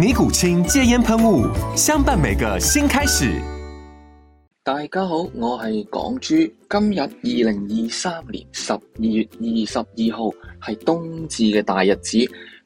尼古清戒煙噴霧，相伴每個新開始。大家好，我係港豬。今日二零二三年十二月二十二號係冬至嘅大日子，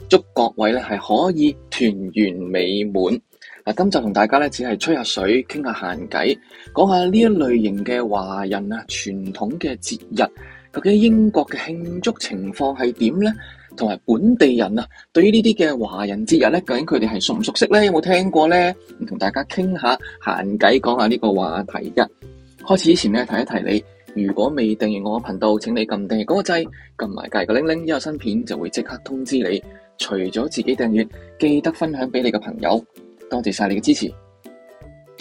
祝各位咧係可以團圓美滿。嗱，今集同大家咧只係吹下水，傾下閒偈，講下呢一類型嘅華人啊傳統嘅節日，究竟英國嘅慶祝情況係點咧？同埋本地人啊，對於呢啲嘅華人節日咧，究竟佢哋係熟唔熟悉咧？有冇聽過咧？唔同大家傾下閒偈，講下呢個話題嘅。開始之前咧，提一提你，如果未訂閱我嘅頻道，請你撳訂閱個掣，撳埋隔個鈴鈴，一有新片就會即刻通知你。除咗自己訂閱，記得分享俾你嘅朋友。多謝晒你嘅支持。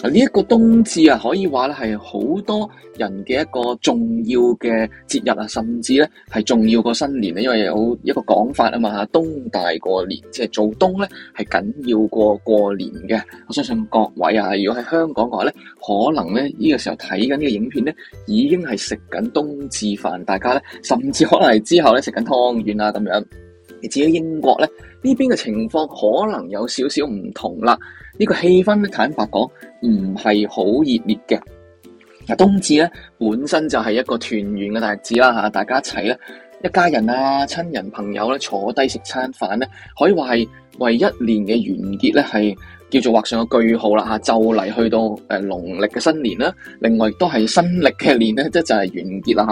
嗱，呢一個冬至啊，可以話咧係好多人嘅一個重要嘅節日啊，甚至咧係重要過新年咧，因為有一個講法啊嘛，冬大過年，即係做冬咧係緊要過過年嘅。我相信各位啊，如果喺香港嘅話咧，可能咧呢個時候睇緊呢個影片咧，已經係食緊冬至飯，大家咧甚至可能係之後咧食緊湯圓啊咁樣。至於英國咧。呢邊嘅情況可能有少少唔同啦，呢、這個氣氛咧坦白講唔係好熱烈嘅。嗱，冬至咧本身就係一個團圓嘅大日子啦嚇，大家一齊咧一家人啊，親人朋友咧坐低食餐飯咧，可以話係為一年嘅完結咧係。叫做畫上個句號啦吓，就嚟去到誒農曆嘅新年啦。另外亦都係新曆嘅年咧，即係就係完結啦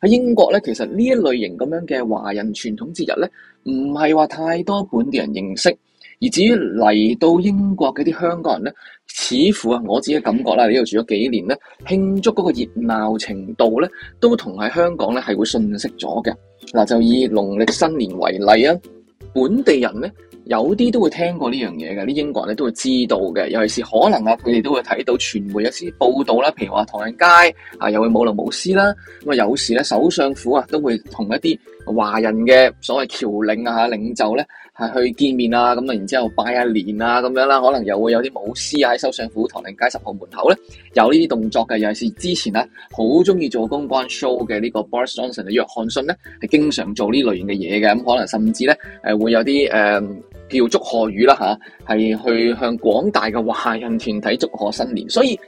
吓。喺英國咧，其實呢一類型咁樣嘅華人傳統節日咧，唔係話太多本地人認識。而至於嚟到英國嗰啲香港人咧，似乎啊，我自己的感覺啦，喺呢度住咗幾年咧，慶祝嗰個熱鬧程度咧，都同喺香港咧係會遜色咗嘅。嗱，就以農曆新年為例啊。本地人咧，有啲都會聽過呢樣嘢嘅，啲英國人咧都會知道嘅，尤其是可能啊，佢哋都會睇到傳媒一啲報道啦，譬如話唐人街啊，又會舞龍舞獅啦，咁啊有時咧首相府啊都會同一啲華人嘅所謂僑領啊嚇領袖咧，係去見面啊，咁啊然之後拜下年啊咁樣啦，可能又會有啲舞獅啊喺首相府唐寧街十號門口咧，有呢啲動作嘅，尤其是之前咧好中意做公關 show 嘅呢個 Boris Johnson 嘅約翰遜咧係經常做呢類型嘅嘢嘅，咁、啊、可能甚至咧誒會有啲誒、呃、叫祝賀語啦係去向廣大嘅華人團體祝賀新年，所以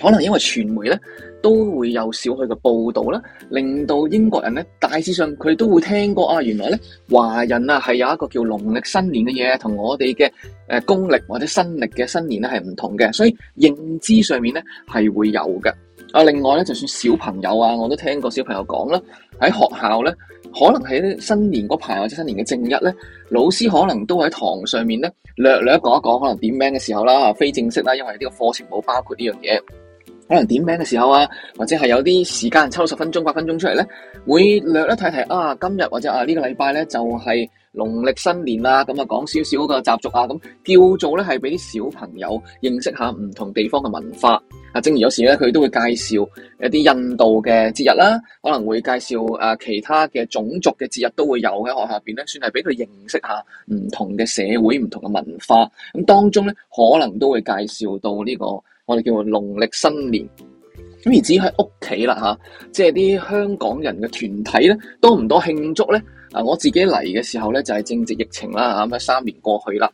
可能因為傳媒咧。都會有少許嘅報道啦，令到英國人咧大致上佢都會聽過啊，原來咧華人啊係有一個叫農曆新年嘅嘢，同我哋嘅誒公曆或者新曆嘅新年咧係唔同嘅，所以認知上面咧係會有嘅。啊，另外咧就算小朋友啊，我都聽過小朋友講啦，喺學校咧可能喺新年嗰排或者新年嘅正一咧，老師可能都喺堂上面咧略略講一講，可能點名嘅時候啦，非正式啦，因為呢個課程冇包括呢樣嘢。可能點名嘅時候啊，或者係有啲時間抽十分鐘、八分鐘出嚟咧，會略一睇睇啊，今日或者啊、這個、呢個禮拜咧就係、是、農曆新年啦，咁啊講少少個習俗啊，咁叫做咧係俾啲小朋友認識下唔同地方嘅文化。啊，正如有時咧，佢都會介紹一啲印度嘅節日啦、啊，可能會介紹、啊、其他嘅種族嘅節日都會有喺學校入邊咧，算係俾佢認識下唔同嘅社會、唔同嘅文化。咁當中咧，可能都會介紹到呢、這個。我哋叫做農曆新年，咁而至於喺屋企啦嚇，即係啲香港人嘅團體咧，多唔多慶祝咧？啊，我自己嚟嘅時候咧，就係正值疫情啦，咁咁三年過去啦。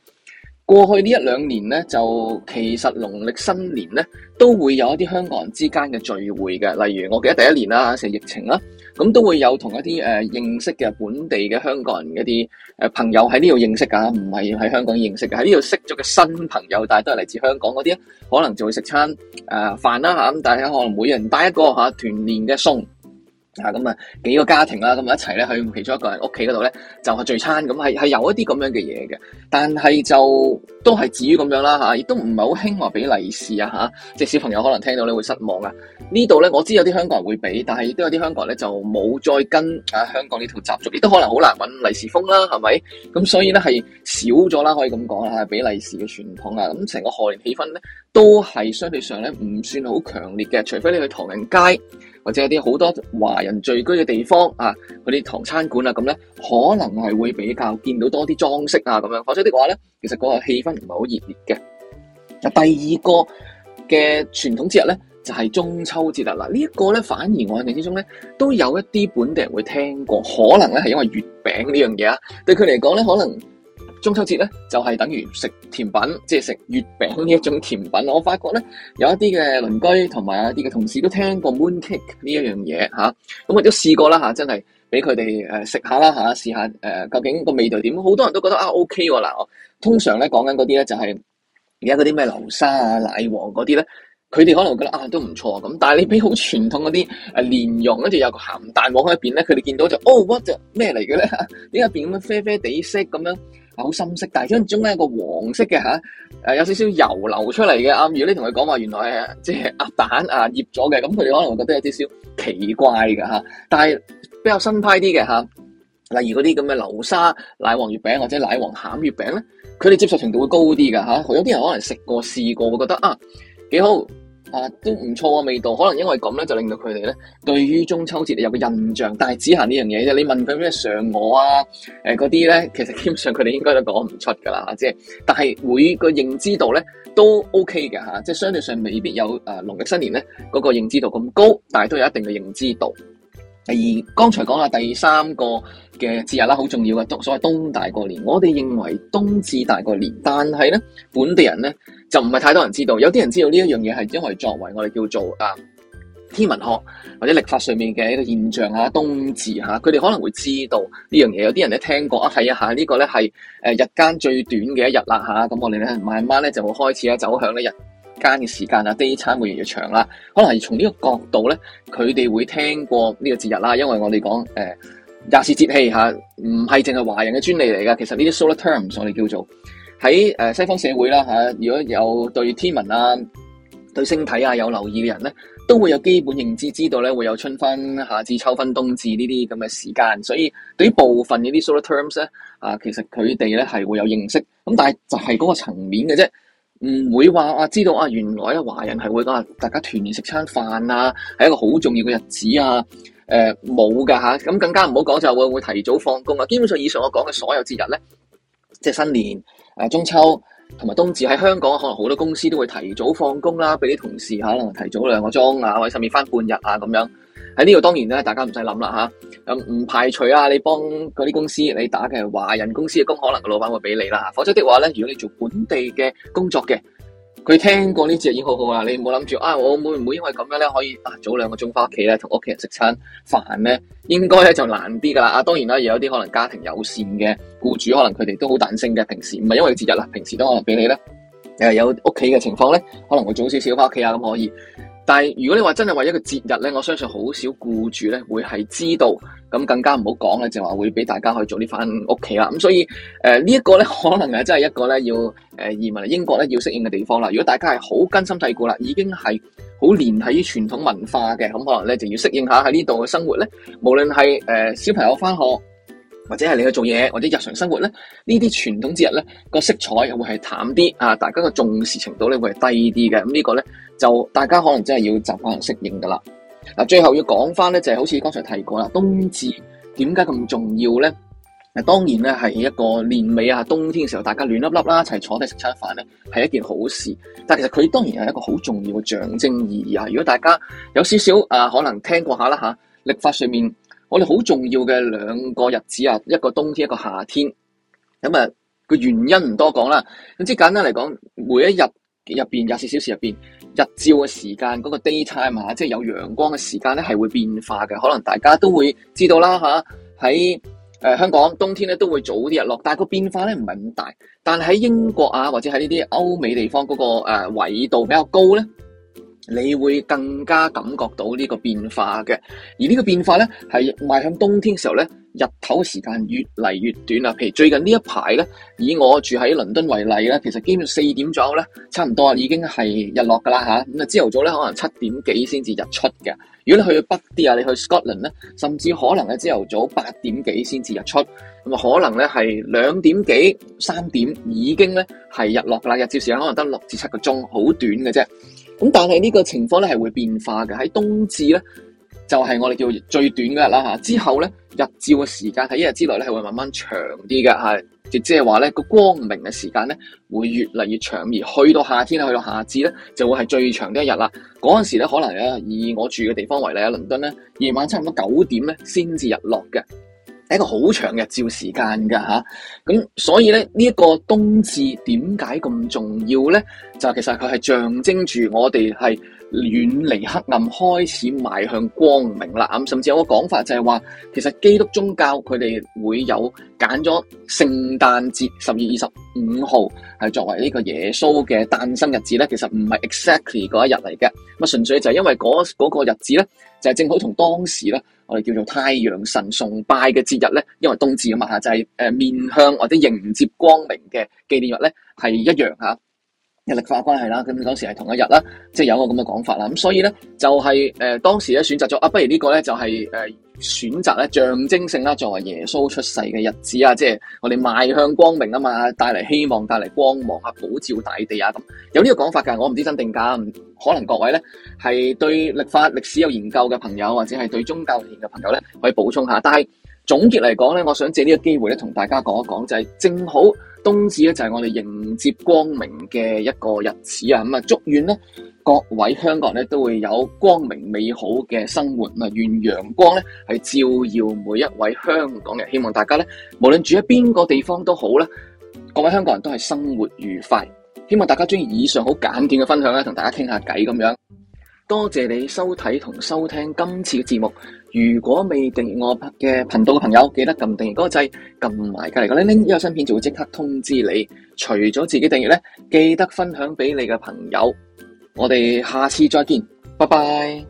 過去呢一兩年呢，就其實農曆新年呢，都會有一啲香港人之間嘅聚會嘅，例如我記得第一年啦，成疫情啦，咁都會有同一啲誒、呃、認識嘅本地嘅香港人一啲誒、呃、朋友喺呢度認識噶，唔係喺香港認識嘅，喺呢度識咗嘅新朋友，但係都係嚟自香港嗰啲，可能就會食餐誒、呃、飯啦吓，咁大家可能每人帶一個吓、啊、團年嘅餸。啊咁啊幾個家庭啦，咁、啊、一齊咧去其中一個人屋企嗰度咧，就係聚餐咁，係、啊、係有一啲咁樣嘅嘢嘅，但係就都係至於咁樣啦亦、啊、都唔係好興話俾利是啊嚇，即係小朋友可能聽到咧會失望啊。呢度咧我知有啲香港人會俾，但係都有啲香港人咧就冇再跟啊香港呢套習俗，亦都可能好難揾利是風啦，係咪？咁所以咧係少咗啦，可以咁講啊，俾利是嘅傳統啊，咁成個賀年氣氛咧。都係相對上咧唔算好強烈嘅，除非你去唐人街或者一啲好多華人聚居嘅地方啊，嗰啲唐餐館啊，咁咧可能係會比較見到多啲裝飾啊咁樣。否則的話咧，其實嗰個氣氛唔係好熱烈嘅。啊，第二個嘅傳統節日咧，就係、是、中秋節啦。這個、呢一個咧反而我印象之中咧，都有一啲本地人會聽過，可能咧係因為月餅呢樣嘢啊，對佢嚟講咧可能。中秋節咧就係、是、等於食甜品，即係食月餅呢一種甜品。我發覺咧有一啲嘅鄰居同埋一啲嘅同事都聽過 moon cake 呢一樣嘢嚇，咁我都試過啦、啊、真係俾佢哋誒食下啦嚇、啊，試下、啊、究竟個味道點。好多人都覺得啊 OK 喎嗱、啊，我通常咧講緊嗰啲咧就係而家嗰啲咩流沙啊、奶黃嗰啲咧。佢哋可能覺得啊都唔錯咁，但係你俾好傳統嗰啲誒蓮蓉，跟住有一個鹹蛋黃喺入邊咧，佢哋見到就哦、oh，what 就咩嚟嘅咧？呢入邊咁樣啡啡地色咁樣好深色，但係中中間有一個黃色嘅嚇，誒、啊、有少少油流出嚟嘅啊。如果你同佢講話原來係即係鴨蛋啊醃咗嘅，咁佢哋可能會覺得有啲少奇怪嘅嚇、啊。但係比較新派啲嘅嚇，例如嗰啲咁嘅流沙奶黃月餅或者奶黃餡月餅咧，佢哋接受程度會高啲嘅嚇。有啲人可能食過試過會覺得啊幾好。啊，都唔錯嘅味道，可能因為咁咧，就令到佢哋咧對於中秋節有個印象，但係只限呢樣嘢啫。你問佢咩嫦娥啊，誒嗰啲咧，其實基本上佢哋應該都講唔出㗎啦，即、啊、係，但係會個認知度咧都 OK 嘅、啊、即係相對上未必有誒農曆新年咧嗰、嗰個認知度咁高，但係都有一定嘅認知度。第二，剛才講下第三個嘅節日啦，好重要嘅，所所謂冬大過年。我哋認為冬至大過年，但係咧本地人咧就唔係太多人知道。有啲人知道呢一樣嘢係因為作為我哋叫做啊天文學或者曆法上面嘅一個現象啊，冬至吓。佢哋可能會知道呢樣嘢。有啲人咧聽過啊，睇、這個、啊，下呢個咧係誒日間最短嘅一日啦吓。咁我哋咧慢慢咧就會開始咧走向呢日。間嘅時間啊，day 差唔多越嚟越長啦。可能係從呢個角度咧，佢哋會聽過呢個節日啦。因為我哋講誒，廿四節氣吓，唔係淨係華人嘅專利嚟噶。其實呢啲 solar terms 我哋叫做喺誒、呃、西方社會啦吓、啊，如果有對天文啊、對星體啊有留意嘅人咧，都會有基本認知，知道咧會有春分、夏至、秋分、冬至呢啲咁嘅時間。所以對於部分呢啲 solar terms 咧，啊，其實佢哋咧係會有認識，咁但係就係嗰個層面嘅啫。唔會話啊，知道啊，原來咧華人係會話大家團年食餐飯啊，係一個好重要嘅日子啊。誒冇㗎吓，咁更加唔好講就會會提早放工啊。基本上以上我講嘅所有節日咧，即係新年、誒中秋同埋冬至喺香港可能好多公司都會提早放工啦，俾啲同事可能提早兩個鐘啊，或者甚至返半日啊咁樣。喺呢度當然咧，大家唔使諗啦嚇，咁唔排除啊，你幫嗰啲公司你打嘅華人公司嘅工，可能個老闆會俾你啦。否則的話咧，如果你做本地嘅工作嘅，佢聽過呢節已經好好啦，你唔好諗住啊，我會唔會因為咁樣咧可以啊早兩個鐘返屋企咧，同屋企人食餐飯咧，應該咧就難啲㗎啦。啊，當然啦，有啲可能家庭友善嘅僱主，可能佢哋都好彈性嘅，平時唔係因為節日啦，平時都可能俾你咧。誒有屋企嘅情況咧，可能會早少少返屋企啊，咁可以。但係如果你話真係為一個節日咧，我相信好少僱主咧會係知道，咁更加唔好講咧，就話會俾大家去做呢翻屋企啦。咁、嗯、所以誒、呃這個、呢一個咧，可能係真係一個咧要誒、呃、移民英國咧要適應嘅地方啦。如果大家係好根深蒂固啦，已經係好連繫於傳統文化嘅，咁、嗯、可能咧就要適應下喺呢度嘅生活咧。無論係誒小朋友翻學，或者係你去做嘢，或者日常生活咧，傳呢啲傳統節日咧個色彩又會係淡啲啊，大家嘅重視程度咧會係低啲嘅。咁、嗯、這個、呢個咧。就大家可能真係要習慣、適應噶啦。嗱，最後要講翻咧，就係、是、好似剛才提過啦，冬至點解咁重要咧？嗱，當然咧係一個年尾啊，冬天嘅時候，大家暖粒粒啦，一齊坐低食餐飯咧，係一件好事。但其實佢當然係一個好重要嘅象徵意義啊。如果大家有少少啊，可能聽過下啦吓，曆法上面我哋好重要嘅兩個日子啊，一個冬天，一個夏天。咁啊，個原因唔多講啦。咁即係簡單嚟講，每一日入邊廿四小時入邊日照嘅時間嗰個 daytime 啊，即係有陽光嘅時間咧，係會變化嘅。可能大家都會知道啦嚇，喺誒香港冬天咧，都會早啲日落，但係個變化咧唔係咁大。但係喺英國啊，或者喺呢啲歐美地方嗰個誒緯度比較高咧。你會更加感覺到呢個變化嘅，而呢個變化咧係邁向冬天嘅時候咧，日頭時間越嚟越短啦。譬如最近呢一排咧，以我住喺倫敦為例呢，其實基本四點左右咧，差唔多啊，已經係日落噶啦吓。咁啊，朝頭早咧可能七點幾先至日出嘅。如果你去北啲啊，你去 Scotland 咧，甚至可能咧係朝頭早八點幾先至日出，咁啊可能咧係兩點幾、三點已經咧係日落噶啦，日照時間可能得六至七個鐘，好短嘅啫。咁但係呢個情況咧係會變化嘅，喺冬至咧就係我哋叫最短嘅日啦吓，之後咧日照嘅時間喺一日之內咧係會慢慢長啲嘅吓，即係話咧個光明嘅時間咧會越嚟越長，而去到夏天去到夏至咧就會係最長嘅一日啦。嗰陣時咧可能咧以我住嘅地方為例啊，倫敦咧夜晚差唔多九點咧先至日落嘅。係一個好長嘅日照時間㗎。咁所以呢，呢、這、一個冬至點解咁重要呢？就其實佢係象徵住我哋係。遠離黑暗，開始邁向光明啦！甚至有個講法就係話，其實基督宗教佢哋會有揀咗聖誕節十二月二十五號係作為呢個耶穌嘅誕生日子咧，其實唔係 exactly 嗰一日嚟嘅。咁啊純粹就係因為嗰嗰、嗰個日子咧，就係、係、正好同當時咧，我哋叫做太陽神崇拜嘅節日咧，因為冬至啊嘛吓，就係、係、誒面向或者迎接光明嘅紀念日咧，係一樣吓。日曆法關係啦，咁當時係同一日啦，即係有個咁嘅講法啦。咁所以咧就係誒當時咧選擇咗啊，不如呢個咧就係誒選擇咧象徵性啦，作為耶穌出世嘅日子啊，即係我哋邁向光明啊嘛，帶嚟希望，帶嚟光芒啊，普照大地啊，咁有呢個講法噶。我唔知真定假，可能各位咧係對曆法歷史有研究嘅朋友，或者係對宗教有研究嘅朋友咧，可以補充下。但係。總結嚟講咧，我想借呢個機會咧，同大家講一講，就係正好冬至咧，就係我哋迎接光明嘅一個日子啊！咁啊，祝願咧各位香港人咧都會有光明美好嘅生活，啊，願陽光咧係照耀每一位香港人。希望大家咧，無論住喺邊個地方都好啦，各位香港人都係生活愉快。希望大家中意以上好簡短嘅分享咧，同大家傾下偈咁樣。多謝你收睇同收聽今次嘅節目。如果未訂閱我拍嘅頻道嘅朋友，記得撳訂閱嗰個掣，撳埋隔籬個鈴鈴，有新片就會即刻通知你。除咗自己訂閱咧，記得分享俾你嘅朋友。我哋下次再見，拜拜。